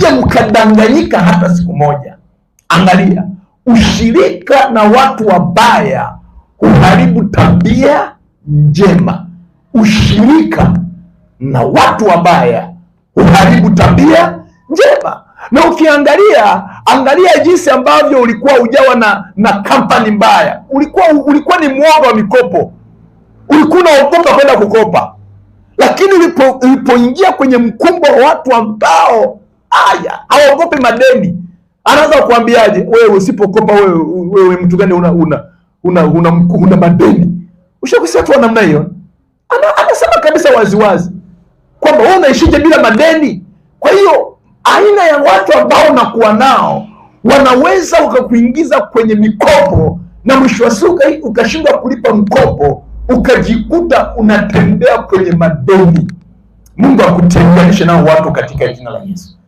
msije mkadanganyika hata siku moja. Angalia, ushirika na watu wabaya huharibu tabia njema. Ushirika na watu wabaya huharibu tabia njema. Na ukiangalia, angalia jinsi ambavyo ulikuwa ujawa na na kampani mbaya, ulikuwa ulikuwa ni mwoga wa mikopo, ulikuwa unaogopa kwenda kukopa, lakini ulipoingia kwenye mkumbo wa watu ambao aya, hawaogopi madeni. Anaweza kuambiaje wewe, usipokopa wewe, wewe mtu gani una una una, una, una madeni? Ushakusikia tu namna hiyo, anasema kabisa waziwazi kwamba wewe unaishije bila madeni. Kwa hiyo aina ya watu ambao unakuwa nao wanaweza wakakuingiza kwenye mikopo na mwisho wa siku ukashindwa kulipa mkopo, ukajikuta unatembea kwenye madeni. Mungu akutenganishe nao watu katika jina la Yesu.